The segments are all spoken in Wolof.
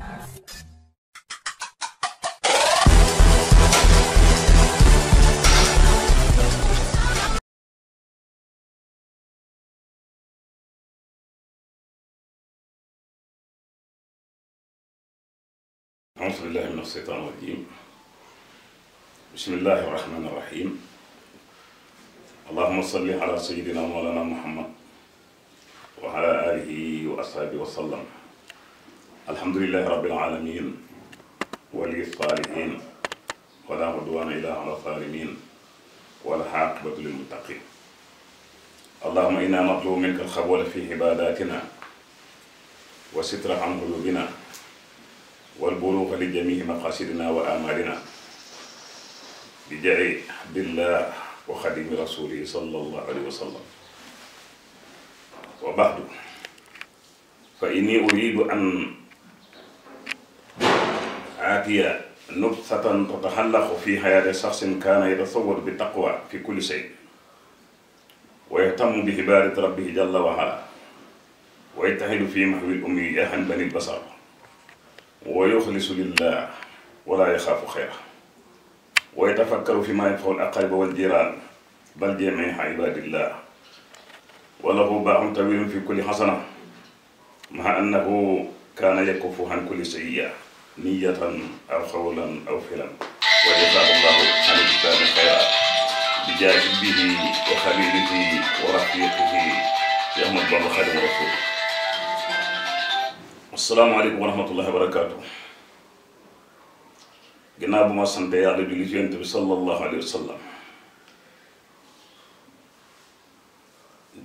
أعوذ بالله من الشيطان الرجيم بسم الله الرحمن الرحيم اللهم صل على سيدنا مولانا محمد وعلى آله وأصحابه وسلم الحمد لله رب العالمين ولي الصالحين ولا عدوان إلا على الظالمين ولا والعاقبة للمتقين اللهم إنا نطلب منك الخبول في عباداتنا وستر عن قلوبنا والبلوغ لجميع مقاصدنا وآمالنا بجعي عبد الله وخديم رسوله صلى الله عليه وسلم وبعد فإني أريد أن العادية نبثة تتحلق في حياة شخص كان يتصور بالتقوى في كل شيء ويهتم بهبارة ربه جل وعلا ويجتهد في محو الأمية عن بني البصر ويخلص لله ولا يخاف خيره ويتفكر فيما يفعل الأقارب والجيران بل جميع عباد الله وله باع طويل في كل حسنة مع أنه كان يكف عن كل سيئة نية أو قولا أو فعلا وجزاه الله عن الإسلام خيرا بجاذبه وخليله ورفيقه يا أحمد بن خادم الرسول السلام عليكم ورحمة الله وبركاته جناب ما ma يا yàlla julli ci yonent bi sallallahu alayhi wa sallam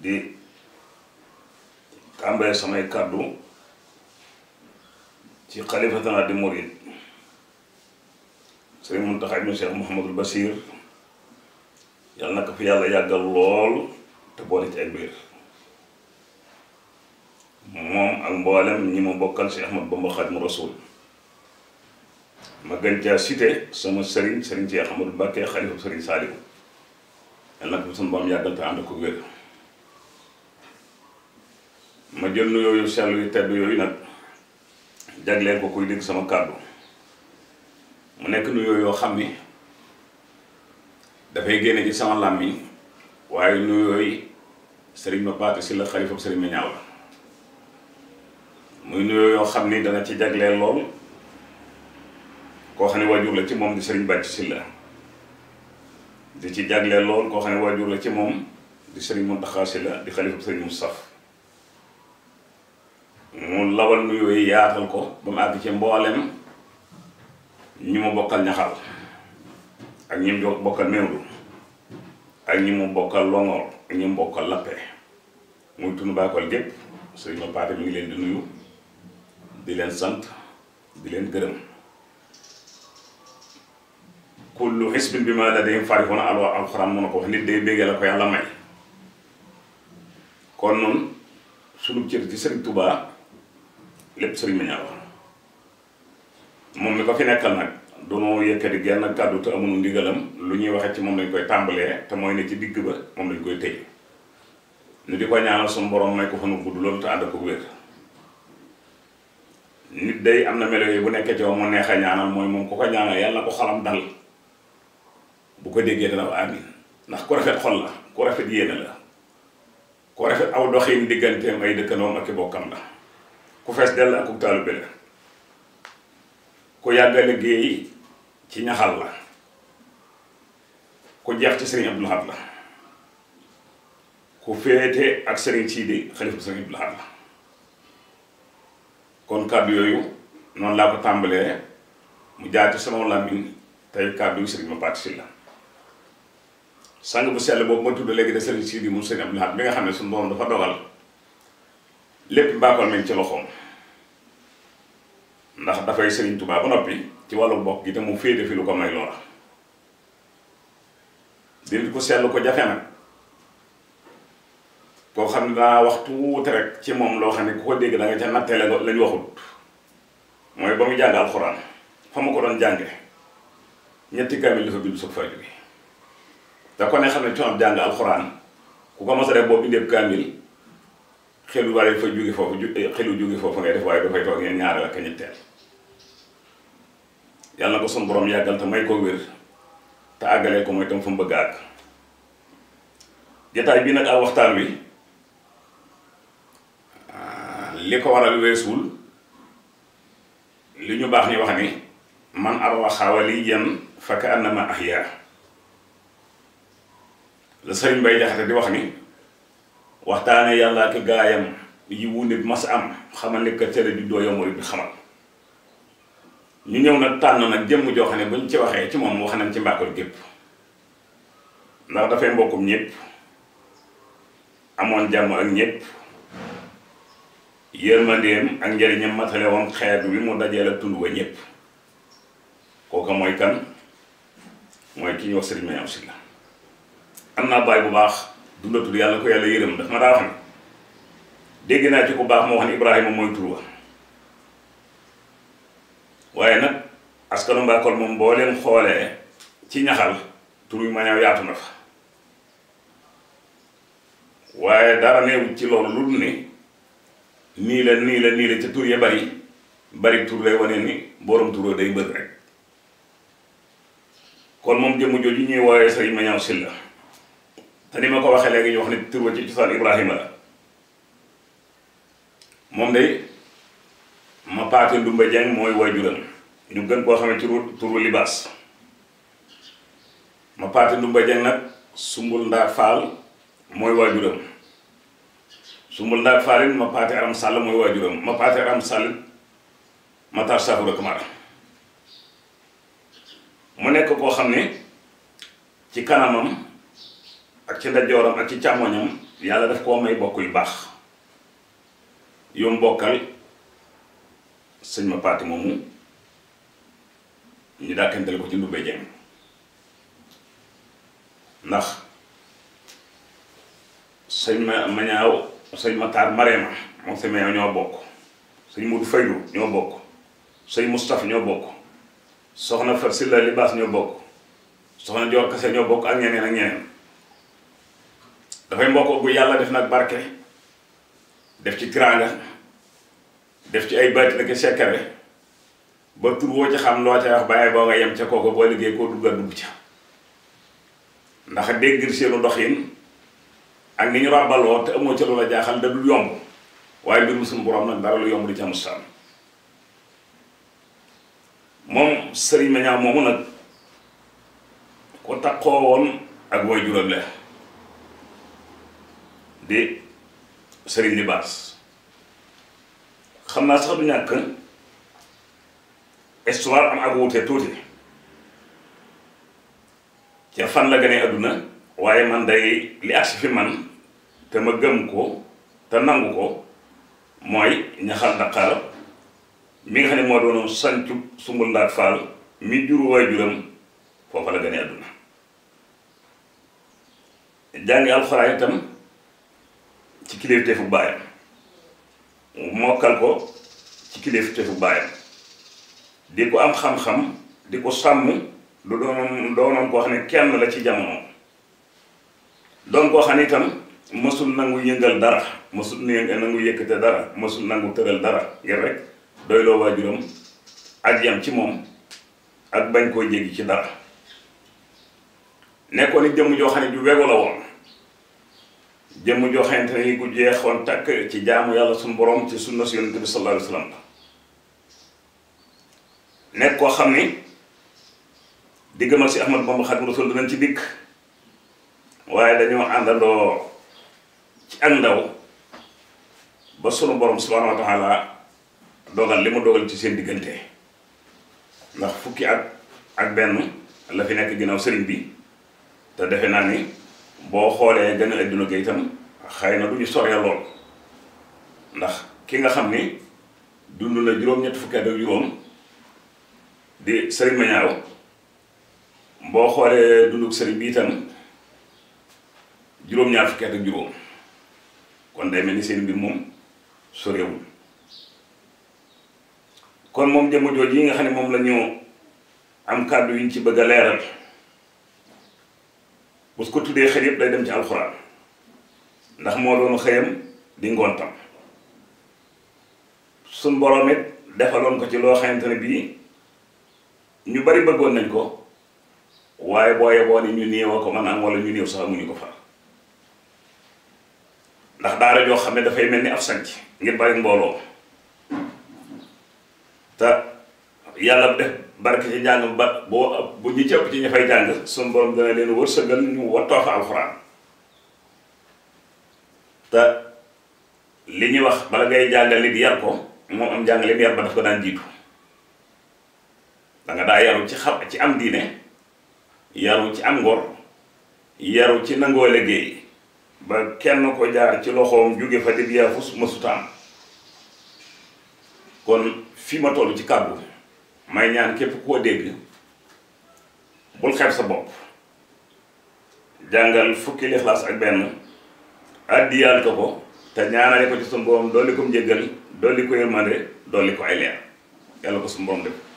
di tàmbalee ci xalifatana di murid sëriñ Muntaxa ibnu Cheikh Mouhamadul Bachir yàlla na ko fi yàlla yàggal lool te boole ci ak biir moom ak mboolem ñi ma bokkal si Ahmad Bamba Xaadimu Rasuul ma gën caa cité sama sëriñ sëriñ Cheikh Ahmadou Mbacké xalifa sëriñ Saliou yàlla na ko fi sunu borom yàggal te ànd ko wér ma jël nuyoo yu sell yu tedd yooyu nag jagleel ko kuy sama kàddu mu nekk nuyoo yoo xam ni dafay génne ci sama làmmiñ waaye nuyoo sëriñ ma baati si la xalifam sëriñ ma ñaaw la muy nuyoo yoo xam ni dana ci jagleel lool koo xam ne waajur la ci moom di sëriñ bàcc si la di ci jagleel xam ne waajur la ci moom di sëriñ Muntaxa si di xalifam sëriñ Mustaf mu lawal nu yooyu yaatal ko ba mu àgg ci mboolem ñi mu bokkal ñaxal ak ñi mu bokkal meewlu ak ñi mu bokkal longoor ak ñi mu bokkal lappe muy tund baakol gépp sëriñ ma paate mi ngi leen di nuyu di leen sant di leen gërëm kullu xisbin bi ma ladayhim farihun alwa alxuraan mun na ko nit day béggee la ko yàlla may kon noonu sunu cër ci sëriñ Touba lepp sëriñ ma ñaaw moom mi ko fi nekkal nag dunoo yëkkati genn kàddu te amunu ndigalam lu ñuy waxe ci moom lañ koy tàmbalee te mooy ne ci digg ba moom lañ koy tëj ñu di ko ñaanal suñu borom may ko fa nu gudd loolu te ànd ko wér nit day am na melo yi bu nekkee ci moom mu neex a ñaanal mooy moom ku ko ñaanal yàlla na ko xalam dal bu ko déggee dana amin ndax ku rafet xol la ku rafet yéene la ku rafet aw doxin digganteem ay dëkkandoom ak i bokkam la ku fes dell ak ub taalube la ku yàgg a ci ñaxal la ko jeex ci sëriñ Abdou la ku féete ak sëriñ Siidi xalifa bu sëriñ Abdou la kon kàddu yooyu noonu laa ko tàmbalee mu jaar ci sama làmmiñ tey kàddu yu sëriñ ma pàtti si la sang bu sell boobu ma tudd léegi de sëriñ Siidi mu sëriñ Abdou bi nga xam ne suñu borom dafa dogal lépp mbaakoon nañ ci loxoom ndax dafay sëriñ Tuubaa ba noppi ci wàllu mbokk gi te mu féete fi lu ko may loola di ko seetlu ko jafe nag koo xam ne daa wax tuuti rek ci moom loo xam ne ku ko dégg da nga ca nattee lañ waxut mooy ba mu jàng alxuraan fa mu ko doon jànge ñetti kaamil dafa bind soog faa jóge da ko ne xam ne coono jàng alxuraan ku ko mos a def boo bindee kamil xelu waaye fa jóge foofu xelu jóge foofu ngay def waaye dafay toog ngeen la ak ñetteel yàlla na ko son borom yàggal te may ko wér te àggalee ko mooy tam fa mu bëgg àgg jataay bi nag ak waxtaan wi li ko waral weesuwul li ñu baax ni wax ni man arwa xawaliyan fa ka annama ahya la sëriñ Bay Jaxate di wax ni waxtaane yàlla ak gaayam yi wu nit mas am xamal ni ka tëre di dooya mooy bi xamal ñu ñëw nag tànn nag jëmm joo xam ne buñ ci waxee ci moom wax nañ ci mbàkkul gépp ndax dafay mbokkum ñëpp amoon jàmm ak ñëpp yërmandeem ak njëriñam matale woon xeet bi mu dajee la tund wa ñëpp kooka mooy kan mooy ki ñu wax sëriñ Mañam Sylla am naa baay bu baax dundatul yàlla ko yàlla yërëm daf ma daa xam dégg naa ci ku baax moo wax ne Ibrahima mooy tur wa waaye nag askanu mbaakol moom boo leen xoolee ci ñaxal turu ma ñaw yaatu na fa waaye dara neewu ci loolu lu ni la nii la nii la ca tur ya bari bari tur lay wane ni borom turoo day mbër rek kon moom jëmm jooju ñuy wooyee sëriñ ma ñaaw silla te ni ma ko waxee léegi ñu wax ne ci cosaan ibrahima la day ma paate ndumba jeng mooy waajuram ñu gën koo xamee ci turu turu libaas ma paate Ndumba Jeng nag sumbul ndaa faal mooy waajuram sumbul ndaa faal it ma paate aram sàll mooy waajuram ma paate aram sàll ma taar saafara kamara mu nekk koo xam ne ci kanamam ak ci ndajooram ak ci càmmoñam yàlla daf koo may bokk yu baax yom bokkal sëñ ma paate moomu ñu dàkkantale ko ci Ndoumbé Dieng ndax sëñ ma mañaaw sëñ ma taar Marema moom sëñ mañaaw ñoo bokk sëñ Modou Faylou ñoo bokk sëñ Moustapha ñoo bokk soxna Fat Silla Libaas ñoo bokk soxna Joor ñoo bokk ak ñeneen ak ñeneen dafay mbokk bu yàlla def nag barke def ci tiraanga def ci ay bayt ak sekkare ba tur wo ci xam lo ci wax baye bo nga yem ci koko bo liggéey ko duggal dug ci ndax dégg seenu doxine ak niñu rabalo te amo ci lola jaxal da dul yomb waye mbirum musum borom nak dara lu yomb di ca mustaan mom serigne meñaw moomu nak ko takko won ak way juro le de serigne libas xamna sax du ñàkk histoire am ak wuute tuuti ca fan la gane àdduna waaye man day li agsi fi man te ma gëm ko te nangu ko mooy ñaxal daqaar mi nga xam ne moo doonoon sancu sumbul ndaat faal mi jur waajuram foofa la gane àdduna jàngi alxuraan itam ci kilifteefu baayam mokkal ko ci kilifteefu baayam di ko am xam-xam di ko sàmm lu doonoon doonoon koo xam ne kenn la ci jamono doon koo xam ne itam masul nangu yëngal dara masul nangu yëkkate dara masul nangu tëral dara ngir rek doyloo waajuram ak yam ci moom ak bañ koo jéggi ci dara nekkoon ni jëmm joo xam ne ju wegu la woon jëmm joo xamante ne ku jeexoon takk ci jaamu yàlla sun borom ci sunna su yonente bi sallallahu alayhi wa sallam nek ko xamni digamal ci ahmad bamba khadim rasul dañ ci dik waye dañu andalo ci andaw ba sunu borom subhanahu wa taala dogal limu dogal ci seen diggante ndax fukki at ak ben la fi nek ginaaw serigne bi te defe ni bo xoolee gën aduna ge itam xëy na du ñu lool ndax ki nga xamni dundu na juroom ñet fukki ak juróom di sëriñ Mañaaw boo xoolee dundug sëriñ bi itam juróom-ñaar fukki ak juróom kon day mel ni seen mbir moom sorewul kon moom jëmm jooj yi nga xam ne moom la ñu am kàddu yuñ ci bëgg a leeral bu su ko tuddee xel yëpp day dem ci alxuraan ndax moo doonu xëyam di ngoontam suñ boroom defaloon ko ci loo xamante ne bii ñu bari bëggoon nañ ko waaye boo yeboo ni ñu néew ko man am wala ñu néew sax amuñu ko fa ndax daara joo xam ne dafay mel ni ab sanc ngir bari mbooloo te yàlla def barke ci jàng ba boo bu ñu ci ëpp ci ña fay jàng sun borom dana leen wërsëgal ñu wattoo fa alxuraan te li ñuy wax bala ngay jàngale di yar ko moom am jàngale di yar ba daf ko daan jiitu da nga daa yaru ci xam ci am diine yaru ci am ngor yaru ci nangoo liggéey ba kenn ko jaar ci loxoom jóge fa dib yaa fus mësutaam kon fi ma toll ci kàddu may ñaan képp koo dégg bul xeeb sa bopp jàngal fukki lixlaas ak benn àddiyaal ko ko te ñaanale ko ci suñu borom dolli ko njëggal dolli ko yërmande dolli ko ay leer yàlla ko suñu borom def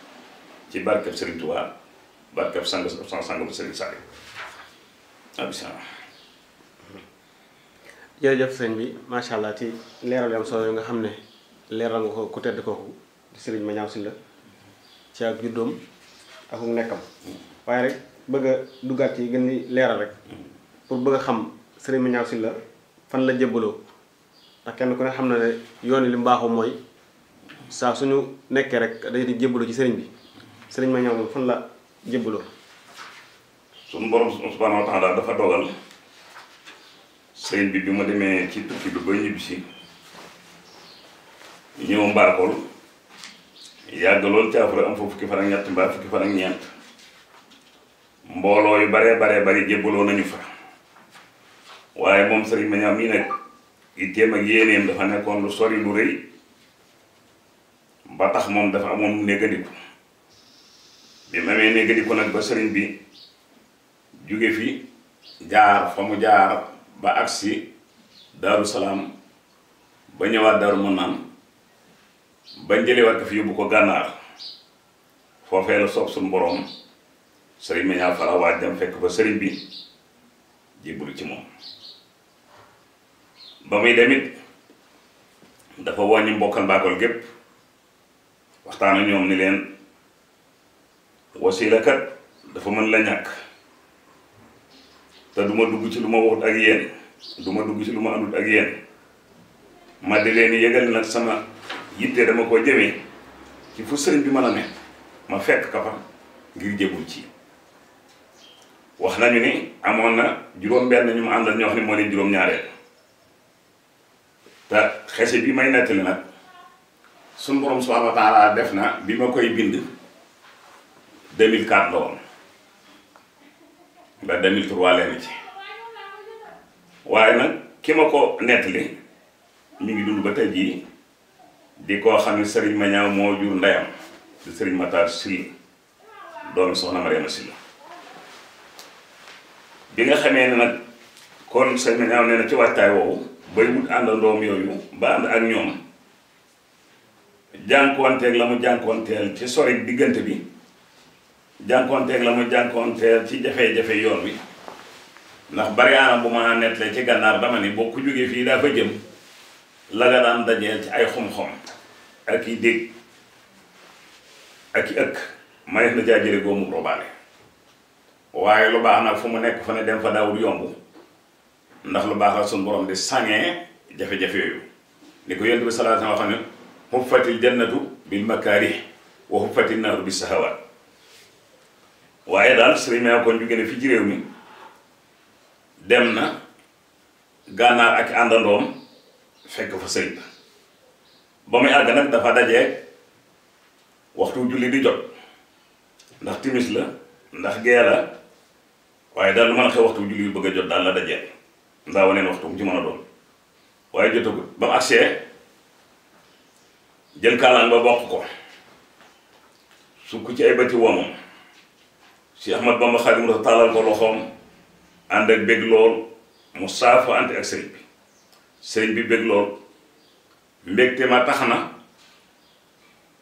ci barkab Serigne Touba barkab sang sang sang bu sëñ bi macha allah ci leeral yi am solo yi nga xam ne leeral nga ko ku tedd kooku di Serigne Mañaw Sylla ci ak juddoom ak mu nekkam waaye gën leeral rek pour bëgg a xam Serigne Mañaw Sylla fan la jébbaloo ndax kenn ku ne xam na ne yoon wi li mu baaxoo mooy saa suñu nekkee rek day di jébbaloo ci sëriñ bi. serigne ma ñaw fan la jëbulo sun borom subhanahu wa taala dafa dogal serigne bi bima démé ci tukki bi ba ñibbisi ñëw mbaarkool yàgg ci afra am fa fukki fan ak ñett mbaa fukki fan ak ñeent yu bare bare bari jëbulo nañu fa waye mom serigne ma mi nak nag itteem ak yéeneem dafa nekkon lu sori lu reuy ba tax mom dafa amoon négandiku bi ma mee néegadi ko nag ba sëriñ bi jóge fi jaar famu jaar ba aksi daru salam ba ñëwaat daru mën naan ba jëlé wat fi yóbbu ko gànnaar foofee la sopp sun borom sëriñ meña fara dem fekk ba sëriñ bi jébbalu ci mom ba muy demit dafa wàññi mbokal bakol gep waxtaan ak ni leen wasiila kat dafa mën la ñàkk te du ma dugg ci lu ma waxut ak yéen du dugg ci lu ma andut ak yéen ma de leen yëgal nag sama yitte dama ko jëmee ci fu sëriñ bi ma a ne ma fekk ka fa ngir jébul ci wax nañu ni amoon na juróom-benn ñu mu àndal ñoo xam ne moo leen juróom-ñaareel te xese bi may nettali nag suñu borom subhanahu wa taala def naa bi ma koy bind 2004 la woon ndax 2003 leen ci waaye nag ki ma ko nettali mi ngi dund ba tey jii di koo xam ne Serigne Mañaaw moo jur ndeyam di Serigne Matar Sylla doomi soxna Mariama Sylla bi nga xamee ne nag kon Serigne Mañaaw nee na ci waajtaay woowu bay wut àndandoom yooyu ba ànd ak ñoom jànkuwanteeg la mu jànkuwanteel ci sori diggante bi jànkoonteeg la mu jànkoonteel ci jafe-jafe yoon wi ndax bari anam buma netlé ci gànnaar dama ni bokku ku fi dafa jëm la nga daan dajé ci ay xum xum ak yi dég ak yi ëkk may na caa jële góomu robaale waaye lu baax nag fu mu nekk fa ne dem fa daawul yomb ndax lu baax la sun borom di sange jafe jafe-jafe yooyu ni ko yonent bi salaat na wax ne huffatil jannatu bil makaarih wa huffatin naaru bis sahawat waye dal sëriñ Meew kon ñu gën fi ci réew mi dem na gànnaar ak andandom fekk fa sëriñ ba muy àgg nag dafa dajee waxtu julli di jot ndax timis la ndax gee la waaye daal lu mën a xew waxtu julli bëgg a jot daal la ndaa waneen waxtu ci mën doon waaye ba mu agsee jël kaalaan ba bokk ko sukk ci ay bëti woomam Cheikh Ahmad Bamba Xaadim Rasuul taalal ko loxoom ànd ak bég lool mu saafo ante ak sëriñ bi sëriñ bi bég lool mbégte ma tax na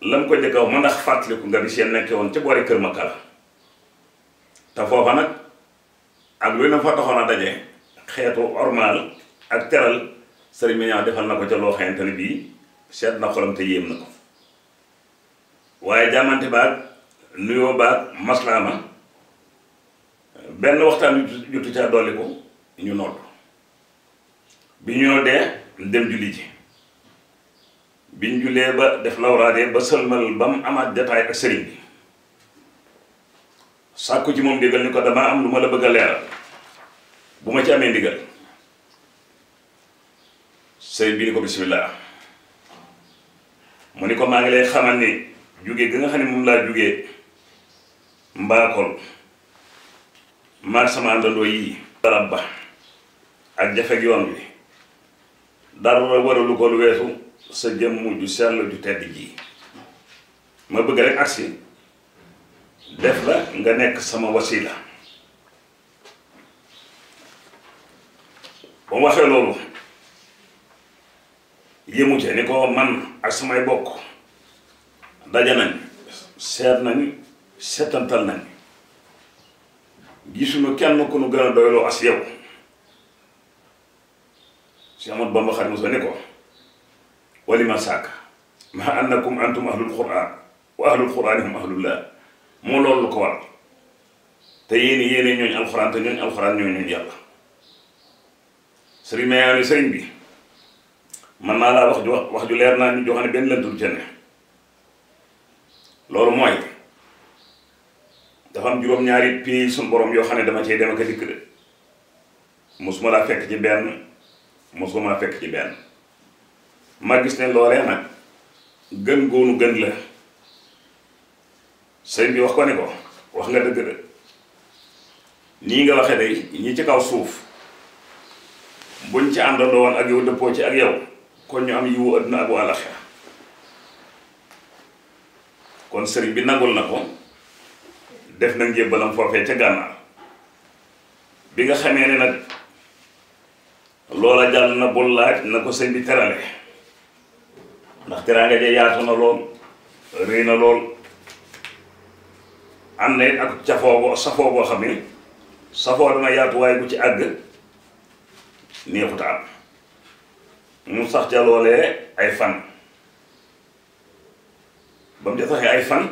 lam ko jëkk wax ma ndax fàttaliku nga bi seen nekke woon ca boori kër ma kala te foofa nag ak lu na fa taxoon a daje xeetu ormal ak teral sëriñ bi ñaaw defal na ko ca loo xamante ne bii seet na xolam te yéem na ko waaye jaamante baag nuyoo baag maslaama benn waxtaan wi jotu caa dolli ko ñu nodd bi ñu noddee dem julli ji biñ jullee ba def lawraadee ba sëlmal ba mu amaat jataay ak sëriñ bi sàkku ci moom ndigal ni ko damaa am lu ma la bëgg a leeral bu ma ci amee ndigal sëriñ bi ni ko bismillah mu ni ko maa ngi lay xamal ni jóge gi nga xam ne moom laa jóge mbaakol maa sama àndandoo yii darab ba ak jafeg yoon wi dara waralu ko lu weesu sa jëmm ju sell ju tedd ji ma bëgg rek agsi def la nga nekk sama wasila ba mu waxee loolu yëmu ca ni ko man ak samay bokk daja nañ seet nañ nañ gisuñu kenn ku nu gën a doyloo as yow si amat bamba xadim sa ne ko wali ma sàkk ma annakum antum ahlul quran wa ahlul quran hum ahlullah moo loolu ko war te yéen yéene ñooñu alxuraan te ñooñu alxuraan ñooñu ñooñu yàlla sëriñ mayaa ni sëriñ bi man naa laa wax ju wax ju leer naa ñu joxane benn lëntul ca ne loolu mooy dafa am juróom-ñaari pays suñu borom yoo xam ne dama cee dem ak a dikk de mosuma laa fekk ci benn mosuma laa fekk ci benn ma gis ne loolee nag gën góonu gën la sëñ bi wax ko ne ko wax nga dëgg de nii nga waxe day ñi ci kaw suuf buñ ci àndandoo woon ak yow dëppoo ci ak yow kon ñu am yiwu àdduna ak wàllaxira kon sëriñ bi nangul na ko def na njébbalam foofee ca gànnaar bi nga xamee ni nag loola jàll na bu laaj na ko seen bi terale ndax teraanga ja yaatu na lool rëy na lool am na it ak cafoo boo safoo boo xam ne safoo dana yaatu waaye bu ci àgg neexuta am mu sax ca ay fan ba mu ca saxee ay fan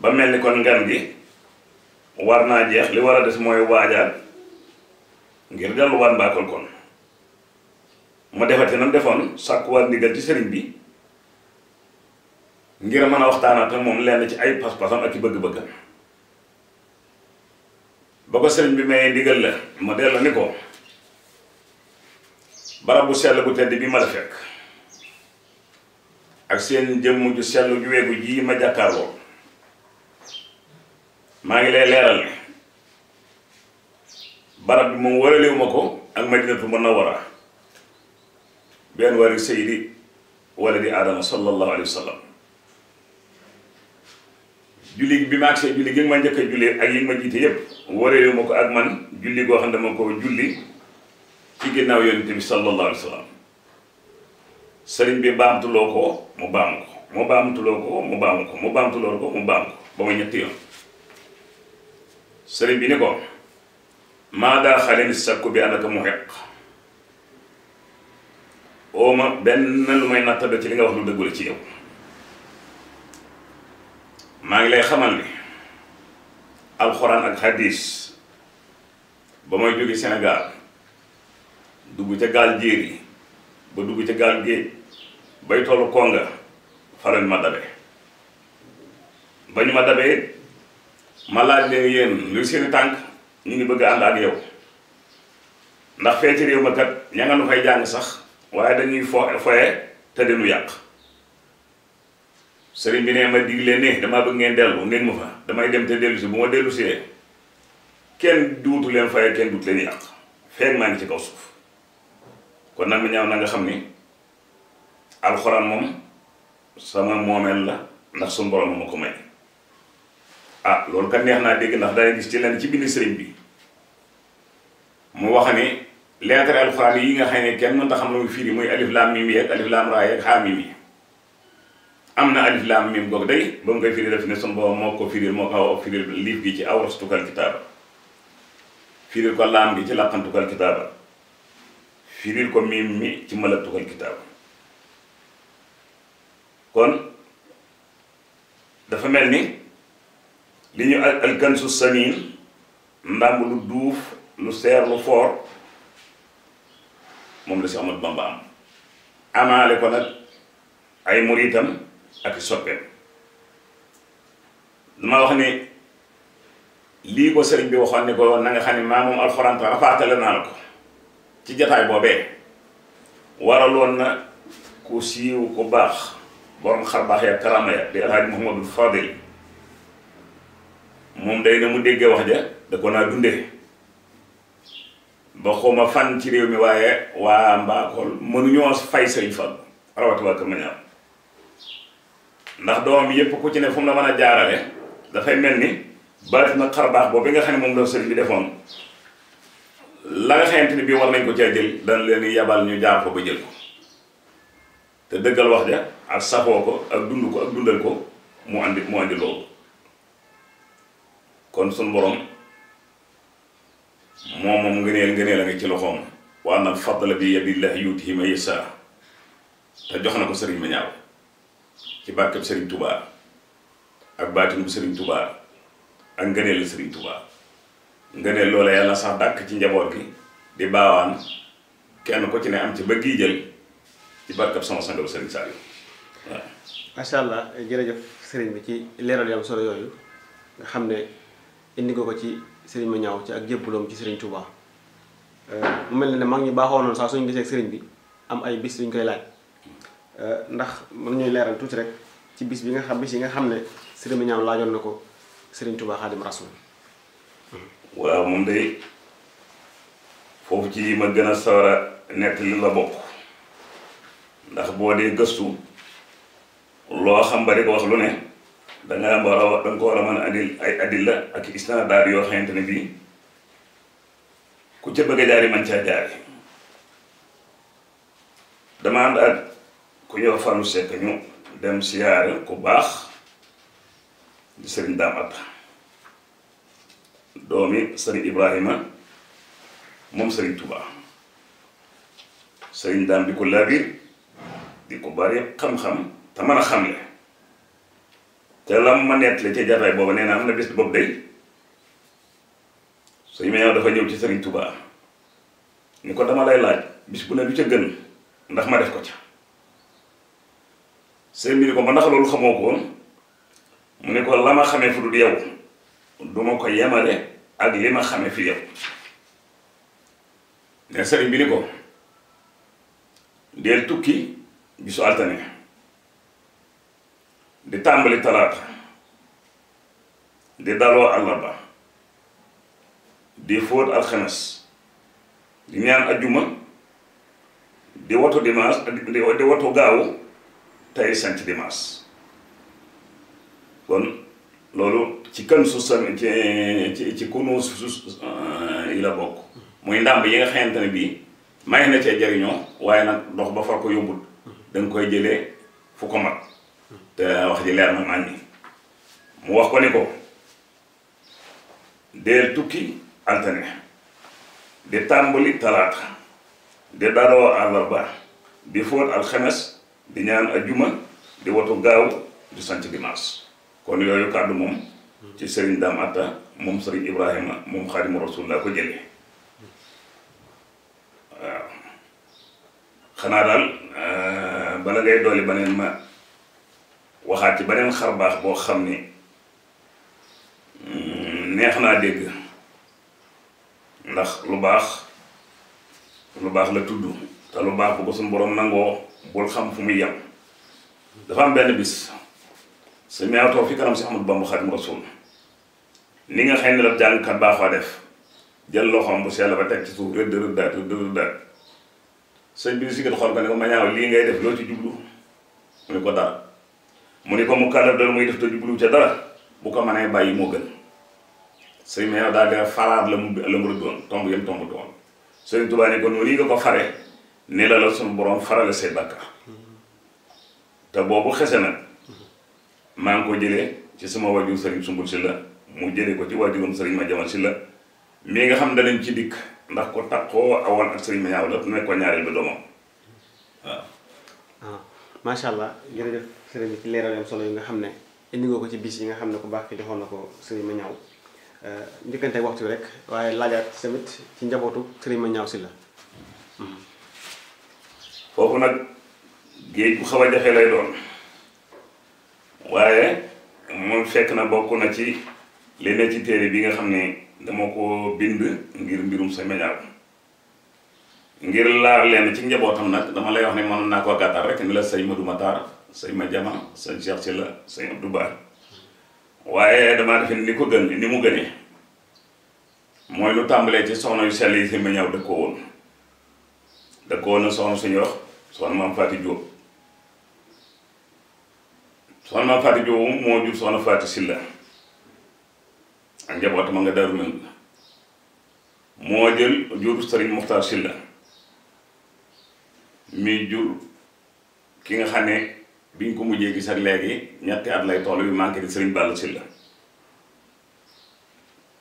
ba mel ni kon ngan gi war naa jeex li war a des mooy waajaat ngir delluwaat mbaakol kon mu defati nam defoon sàkkuwaat ndigal ci sëriñ bi ngir mën a waxtaanaat ak moom lenn ci ay pas-pasam ak i bëgg-bëggam ba ko sëriñ bi mayee ndigal la ma delloo ni ko barab bu sell bu tedd bi ma la fekk ak seen jëmm ju sell ju weegu ji ma jàkkaarloo maa ngi lay leeral ni barab bi moom waralewuma ko ak madinatu munawwara bi anwaari sayidi waladi aadama sallallahu alayhi wa sallam julli bi ma agsee julli gi ma njëkk a julli ak yi ma jiite yépp waralewuma ko ak man julli goo xam ne dama ko julli ci ginnaaw yonent bi sallallahu alayhi wa sëriñ bi baamtuloo ko mu baam ko mu baamtuloo ko mu baam ko mu baam ko ba mu ñetti yoon sëriñ bi ni ko maa daa xalin sakku bi ànd ak mu xeq oo ma benn lu may nattale ci li nga wax lu dëggu ci yow maa ngi lay xamal ni alxuraan ak hadis ba may jóge Sénégal dugg ca gaal jéeri ba dugg ca gaal géej bay tollu konga falañ ma dabe ba ñu ma dabee ma laaj leen yéen luy seen tànk ñu ngi bëgg ànd ak yow ndax fee ci réew ma kat ña nga nu fay jàng sax waaye dañuy fo foye te dinu yàq sëriñ bi ne ma digle ne dama bëgg ngeen dellu ngeen ma fa damay dem te dellu si bu ma dellu see kenn duutu leen faye kenn duut leen yàq feeg maa ngi ci kaw suuf kon nag ma ñaaw na nga xam ni alxuraan moom sama moomeel la ndax sun borom ma ko may ah loolu kat neex naa dégg ndax day gis ci lenn ci bind sëriñ bi mu wax ne lettre alxuraan yi nga xam ne kenn mënta xam la muy firi muy alif laam mim yeeg alif laam raa yeeg xaa mim yi am na alif laam mim goog day ba mu koy firi daf ne sun boobu moo ko firil moo ko aw firil liif gi ci awrastukal kitaaba firil ko laam gi ci làqantukal kitaaba firil ko miim mi ci malatukal kitaaba kon dafa mel ni li ñu alkansu samin ndàmb lu duuf lu seer lu foor moom la si Ahmadu Bamba am amaale ko nag ay muritam ak soppeem dama wax ne lii ko sëriñ bi waxoon ne ko na nga xam ne maa moom alxuraan rafaatale naa la ko ci jataay boobee waraloon na ku siiw ku baax borom xar baax ya karama ya di alhaaj Muhammadul Fadil moom day na mu déggee wax ja da ko naa dundee ba xawma fan ci réew mi waaye waa mbaakool mënuñoo fay sëriñ Fall rawati waa kër Mañaar ndax doom yépp ku ci ne fu la mën a jaarale dafay mel ni baati na xar baax boobu nga xam ne moom la sëriñ bi defoon la nga xamante ni bii war nañ ko cee jël dañ leen yabal ñu jaar ko ba jël ko te dëggal wax ja ak safoo ko ak dund ko ak dundal ko mu andi mu andi loolu kon sun borom mom mom ngëneel ngëneel nga ci loxom wa na fadl bi yadillah yuutihi ma yasa ta joxna na ko serigne ma ñaaw ci barke serigne touba ak baatinub serigne touba ak ngëneel serigne touba ngëneel loola yalla sax dak ci njaboot gi di baawaan kenn ko ci ne am ci gi jël ci barke sama sangal serigne sallu ma sha allah jërëjëf serigne bi ci leral yam solo yoyu nga xamne indi nga ko ci sëriñ ma ñaaw ci ak jébbuloom ci sëriñ tubaa euh, mu mel ne mag ñi baaxoo noonu saa suñu gisee ak sëriñ bi am ay bis yu koy laaj euh, ndax mën ñuy leeral tuuti rek ci bis bi nga xam bis yi nga xam ne sëriñ ma ñaaw laajoon na ko sëriñ Touba Xaadim Rasul waaw moom day foofu ci li ma gën a sawar a nett li la bokk ndax boo dee gëstu loo xam bari di ko wax lu ne da ngaa war a da nga ko war a mën a andil ay adilla ak isnaadaar yoo xamante ne fii ku ca bëgg a man caa jaari dama ànd ak ku ñëw fanu sekk dem siyaare ku baax di sëriñ daam atta doomi sëriñ ibrahima moom sëriñ tubaa sëriñ daam di ko labir di ko bari xam-xam te mën a xamle te lam ma nettali ci jataay bobu nee na am na bis bobu day sey meew dafa ñew ci serigne touba ni ko dama lay laaj bis bu ne lu ci gën ndax ma def ko ci sey mi ko ma ndax lolu xamoko ko mu ne ko lama ma fu dul yow duma ma ko yemale ak lima ma fi yow ne serigne bi ni ko del tukki bisu altane di tàmbali talaata di daloo àllarba di fóot alxames di ñaan ajjuma di watu dimanche di watu gaawu tey sant dimanche kon loolu ci kan su sam ci ci kunu su ah, yi la bokk muy ndàmb yi nga xamante ne bii may na cee jariñoo waaye nag dox ba far ko yombul danga koy jëlee fu ko mat te wax di leer na màññi mu wax ko ni ko deel tukki altane di tàmbali talaata di daroo àllarba di fóot alxames di ñaan juma di watu gaaw di sant dimanche kon yooyu kàddu moom ci sëriñ Atta moom Ibrahima moom xaadimu ko jëlee waaw xanaa daal euh, bala ngay dooli baneen ma waxaat ci beneen xar baax boo xam ni neex naa dégg ndax lu baax lu baax la tudd te lu baax bu ko suñu borom nangoo bul xam fu muy yem dafa am benn bis su meew toog fi kanam si Ahmadu Bamba Xaadimu Rasuul ni nga xëy ne la jàngkat baaxoo def jël loxoom bu sell ba teg ci suuf rëdd rëddaat rëdd rëddaat sëñ bi si kat xool ko ne ko ma ñaaw lii ngay def loo ci jublu mu ne ko dara mu ne ko mu kala dal muy def te jublu ca dara bu ko mënee bàyyi moo gën sëriñ ma yow daal dina la mu la mu rëddoon tomb yam tomb doon sëriñ tubaa ne ko noonu yi ko fare ne la la sunu borom farale say bakka te boobu xese nag maa ngi ko jëlee ci sama waju sëriñ sumbul si la mu jëlee ko ci wajurum sëriñ ma jamal si la mi nga xam danañ ci dikk ndax ko takkoo awoon ak sëriñ ma yaaw la ne ko ñaareel bi doomam waaw macha allah jërëjëf sëriñ bi ci leeral yam solo yi nga xam ne indi nga ko ci bis yi nga xam ne ko baax ki joxoon na ko sëriñ ma ñaaw euh, njëkkante waxtu rek waaye laajaat tamit ci njabootu sëriñ ma ñaaw si la hmm. foofu nag géej bu xaw a jafe lay doon waaye moom fekk na bokk na ci li ne ci téere bi nga xam ne dama ko bind ngir mbirum sa meñaaw ngir laar len ci njabotam nak dama lay wax ni mon nako ko rek ni la sey Madou Matar sey ma jama sey Cheikh la sey Abdou Bar waye dama def ni ko gën ni mu gëné moy lu tambalé ci soxna yu sel yi sëñ ma de ko won de ko na soxna suñu wax soxna mam Fatou Diop soxna mam Fatou Diop mo jur soxna Fatou silla ak njabotam nga daru mën mo jël jur serigne Mokhtar Sylla mi jur ki nga xam ne bi biñ ko mujjee gis ak léegi ñetti at lay toll bi manqué di Serigne Balla Sylla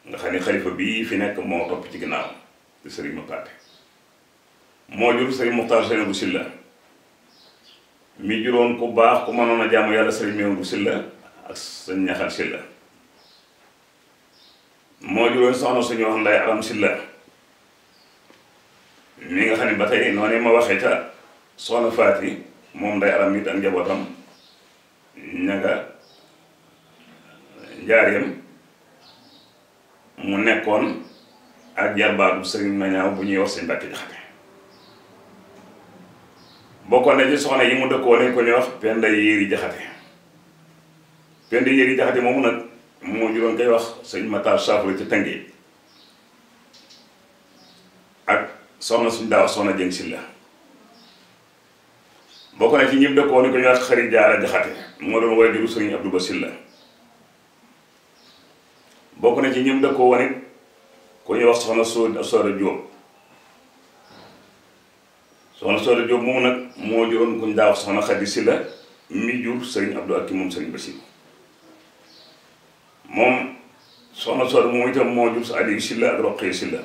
nga xam ne xalifa bii fi nekk moo topp ci ginnaaw di Serigne Mapate moo jur Serigne Muxtaar Seynabu Sylla mi juróon ku baax ku mënoon a jaamu yàlla Serigne Mewu Sylla ak sëñ Ñaxal Sylla moo juróon soxna suñu wax Ndey Aram Sylla mi nga xam ne ba tey noonu ma waxee ca soxna Faati moom day aram it ak njabootam ña nga mu nekkoon ak jarbaatu sëriñ Mañaaw bu ñuy wax seen Mbàkke Jaxate bokkoon na ci soxna yi mu dëkkoo ne ko ñuy wax Penda Yéeri Jaxate Penda Yéeri Jaxate moomu nag moo juróon koy wax sëñ Matar Saafara ci tënk ak soxna suñ daaw soxna Jëng Silla bokk na ci ñib dëkkoo ni ko ñu wax xarit jaara jaxate moo doon na ci ñib dëkkoo woon it ku ñuy wax soxna soo sooda Jóob soxna sooda moom nag moo juróon ku ñu daa wax soxna jur sëriñ Abdou moom sëriñ Basilla moom soxna moo jur sa Aliou Silla ak Roqee Silla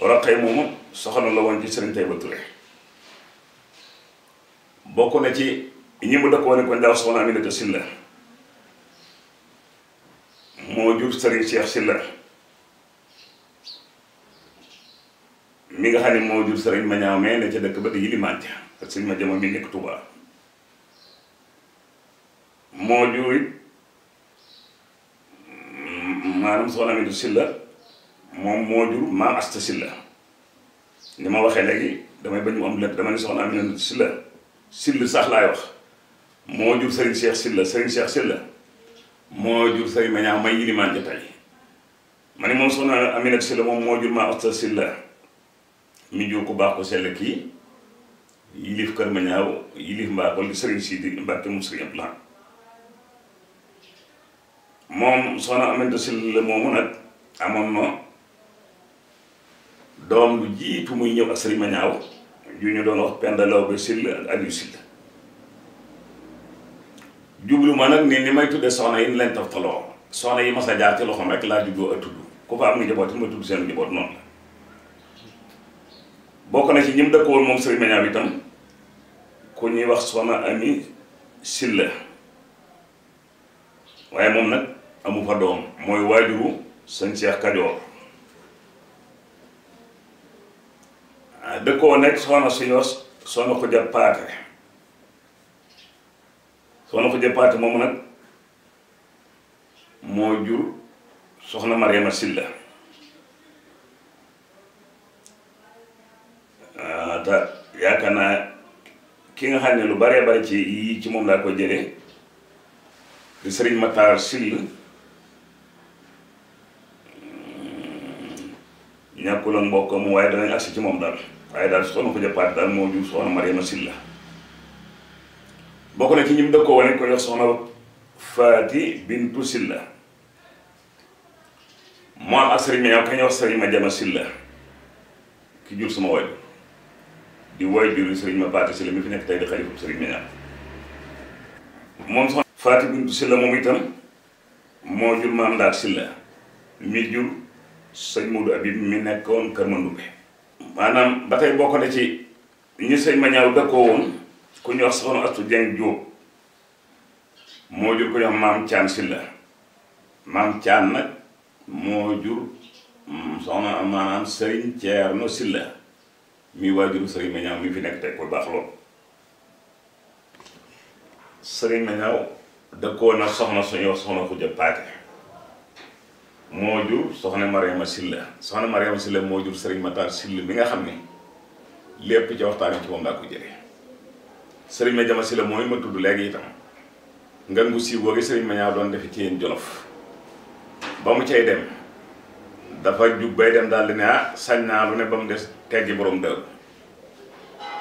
Roqee moomu soxna la woon ci sëriñ Tayba Touré bokku na ci ñi mu dakkoone ko ndaw soxna aminata silla moo jur sëriñ cheikh silla mi nga xam ne moo jur sëriñ ma ñaaw mee ne ca dëkk ba di yili ca ak sëriñ ma mi nekk tuba moo jur maanaam soxna aminata silla moom moo jur maam asta silla ni ma waxee léegi damay bañ mu am lekk dama ne soxna aminata silla Sylla sax laay wax moo jur Serigne Cheikh Sylla Serigne Cheikh Sylla moo jur moom soxna Aminata moo jur maa osta Sylla mi jur ku baax ko sell kii yilif kër Mañaaw yilif Mbakol Serigne Sidi Mbacke moom Serigne Abdoulaye moom soxna Aminata moomu nag amoon na doom lu jiitu muy ñëw ak Serigne Mañaaw yu ñu doon wax Penda Lawbe Sylla ak Aliou Sylla jublu ma nag ni ni may tuddee soxna yi ni leen toftaloo soxna yi mas a loxo ci loxoom rek laa jubloo ak tudd ku fa am njaboot ma tudd seen njaboot noonu bokk na ci ñi mu dëkk woon moom Serigne Mañaab ku ñuy wax soxna Ami Sylla waaye moom nag amu fa doom mooy waajuru sëñ Cheikh Kajoor da koo nekk soxna si yor soxna ko jàppaate soxna ko jàppaate moom nag moo jur soxna Mariama Silla ah, te yaakaar naa ki nga xam ne lu bare bare ci yii ci moom laa ko jëlee di Sëriñ Matar Silla hmm, ñàkkul ak mbokkam waaye danañ agsi ci moom daal waaye daal soxna ko jàppaat daal moo jur soxna Mariama Silla bokk na ci ñim dëkkoo wane ko wax sëriñ ma jama Silla ki jur sama waajur di waajur sëriñ ma Faati nekk tey di xalifu sëriñ ma moom Bintu Silla moom itam moo jur maam ndaat Silla mi jur sëñ Modou Abib mi nekkoon Kër Mandoumbe maanaam ba tey bokk na ci ñu sëñ ma ñaaw dëkkoo woon ku ñu wax soxna Astu Jeng Jóob moo jur ko ñu wax maam Caan Silla maam Caan nag moo jur soxna maanaam sëriñ Ceerno Silla mi waajuru sëriñ ma ñaaw fi nekk tey ko baax sëriñ ma dëkkoo na soxna suñu wax soxna Xuja Paate moo soxna mariama silla soxna mariama silla moo serigne matar sill mi nga xamni lepp ci waxtaan ci mom laa ko jere serigne ma jama silla ma tuddu léegi itam ngan gu siiw googi sëriñ doon ci yeen jolof ba mu cey dem dafa jug bay dem dal di ah naa lu ne bam dess teggi borom de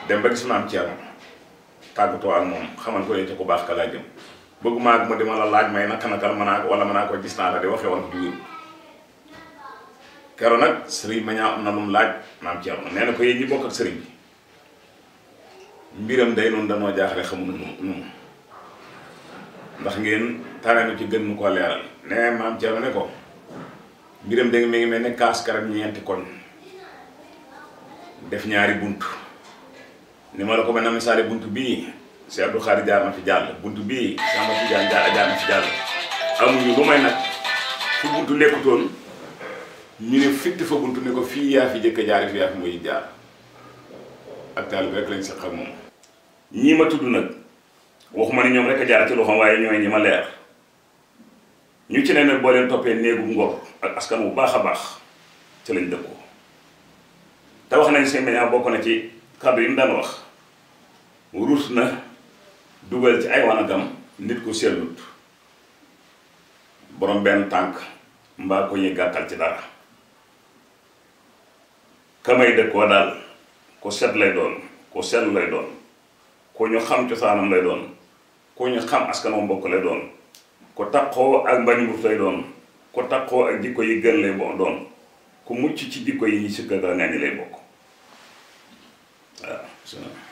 dem ba gis am ci yaram tàggatoo ak mom xamal ko yete ko bax kala ka jëm bëgguma ak ma di la laaj may naka manako wala manako gis na la di waxe won ko kero nag sëriñ ma ñaa am na lum laaj maam ci am nee ko yéen ñi bokk ak sëriñ bi mbiram day noonu danoo jaaxle xamunu nu mu ndax ngeen tane nu ci gën nu ko leeral ne maam Thierno ne ko mbiram da nga mi ngi mel ne kaas karab ñeenti koñ def ñaari bunt ni ma la ko benn misaale bunt bii si Abdou Khari jaar na fi jàll bunt bii si Amadou Diagne jaar jaar na fi jàll amuñu lu may nag fu buntu lekkutoon ñu ne fitt fa buntu ne ko fii yaa fi jëkk jaar fii yaa fi muy jaar ak taalibe rek lañ si xam moom ñii ma tudd nag waxuma ne ñoom rek a jaar ci loxoom waaye ñooy ñi ma leer ñu ci ne boo leen néegu ngor ak askan bu baax a baax ci lañ dëkkoo te wax nañ seen meññaa bokk na ci kàddu yi mu daan wax ruus na dugal ci ay wanagam nit ku sellut borom benn tànk mbaa ko ñuy gàttal ci dara kamay dëkkoo daal ku set lay doon ku sell lay doon ku ñu xam cosaanam lay doon ku ñu xam askanam mbokk lay doon ku taqoo ak mbañ lay doon ku takkoo ak jikko yi gën lay bo doon ku mucc ci jikko yi ñu sikka lay bokk waaw